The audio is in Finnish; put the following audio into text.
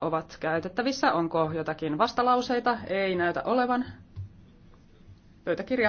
ovat käytettävissä. Onko jotakin vastalauseita? Ei näytä olevan. Pöytäkirja